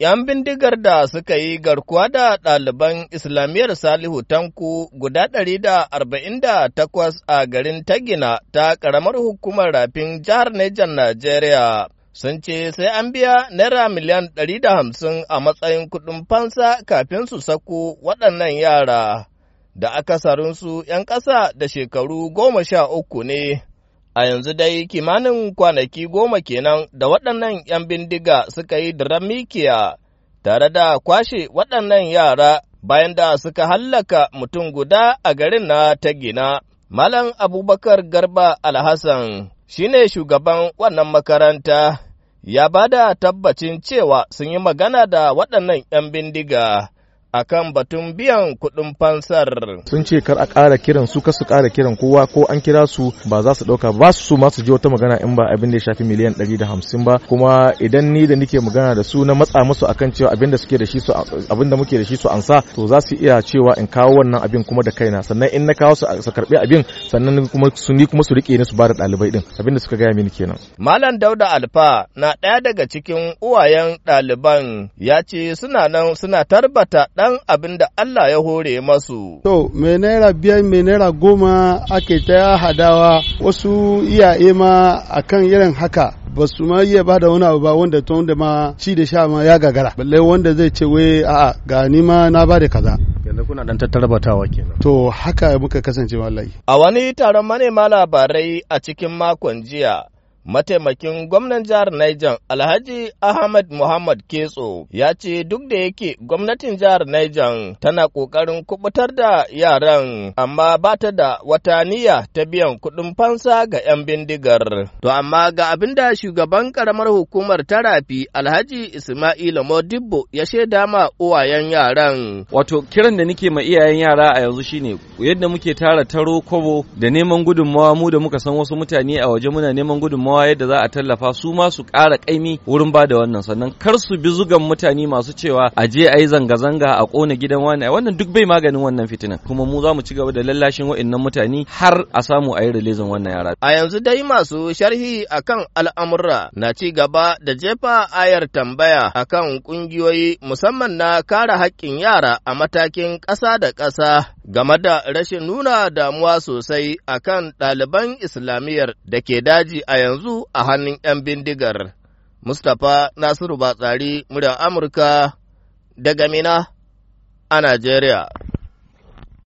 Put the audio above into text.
‘Yan bindigar da suka yi garkuwa da ɗaliban Islamiyyar Salihu Tanku guda ɗari da arba'in da takwas a garin Tagina ta ƙaramar hukumar rafin jihar Nijar Najeriya. Sun ce sai an biya Naira miliyan ɗari da hamsin a matsayin kuɗin fansa kafin su sako waɗannan yara, da akasarinsu ‘yan ƙasa da shekaru goma sha uku ne. A yanzu dai kimanin kwanaki goma kenan da waɗannan ‘yan bindiga suka yi mikiya tare da kwashe waɗannan yara bayan da suka hallaka mutum guda a garin na ta gina. Malam Abubakar Garba Alhassan shi ne shugaban wannan makaranta ya ba da tabbacin cewa sun yi magana da waɗannan ‘yan bindiga. akan batun biyan kuɗin fansar. Sun ce kar a ƙara kiran su kar su ƙara kiran kowa ko an kira su ba za su ɗauka ba su ma su ji wata magana in ba abin da ya shafi miliyan ɗari da hamsin ba kuma idan ni da nike magana da su na matsa musu akan cewa abin da suke da shi su abin da muke da shi su ansa to za su iya cewa in kawo wannan abin kuma da kaina sannan in na kawo su su karɓi abin sannan kuma su ni kuma su riƙe ni su ba da ɗalibai din abin da suka gaya mini kenan. Malam Dauda Alfa na ɗaya daga cikin uwayen ɗaliban ya ce suna nan suna tarbata ɗan abin da Allah ya hore masu. To, mai naira biyar mai naira goma ake ta hadawa wasu iyaye ma akan irin haka. ba su ma iya ba da wani abu ba wanda tun da ma ci da sha ma ya gagara balle wanda zai ce wai a'a ga ni ma na ba da kaza yanzu kuna dan tattarbatawa kenan to haka muka kasance wallahi a wani taron manema labarai a cikin makon jiya Mataimakin gwamnan jihar Niger Alhaji Ahmad Muhammad Ketso ya ce duk da yake gwamnatin jihar Niger tana ƙoƙarin kubutar da yaran amma ba ta da wata niyya ta biyan kuɗin fansa ga 'yan bindigar. To amma ga abin da shugaban ƙaramar hukumar tarafi Alhaji Ismail Modibbo ya shaida ma uwayen yaran. Wato kiran da nike ma iyayen yara a yanzu shine yadda muke tara taro kobo da neman gudunmawa mu da muka san wasu mutane a waje muna neman gudunmawa gudunmawa yadda za a tallafa su ma su ƙara ƙaimi wurin ba da wannan sannan kar su bi zugan mutane masu cewa a je a yi zanga-zanga a kona gidan wani wannan duk bai maganin wannan fitinan kuma mu za mu ci gaba da lallashin wa'annan mutane har a samu a yi rilizin wannan yara. A yanzu dai masu sharhi akan al'amurra na ci gaba da jefa ayar tambaya akan ƙungiyoyi musamman na kare haƙƙin yara a matakin ƙasa da ƙasa game da rashin nuna damuwa sosai a kan ɗaliban Islamiyyar da ke daji a yanzu a hannun ‘yan bindigar. Mustapha Nasiru Batsari, muryar Amurka, daga Mina a Najeriya.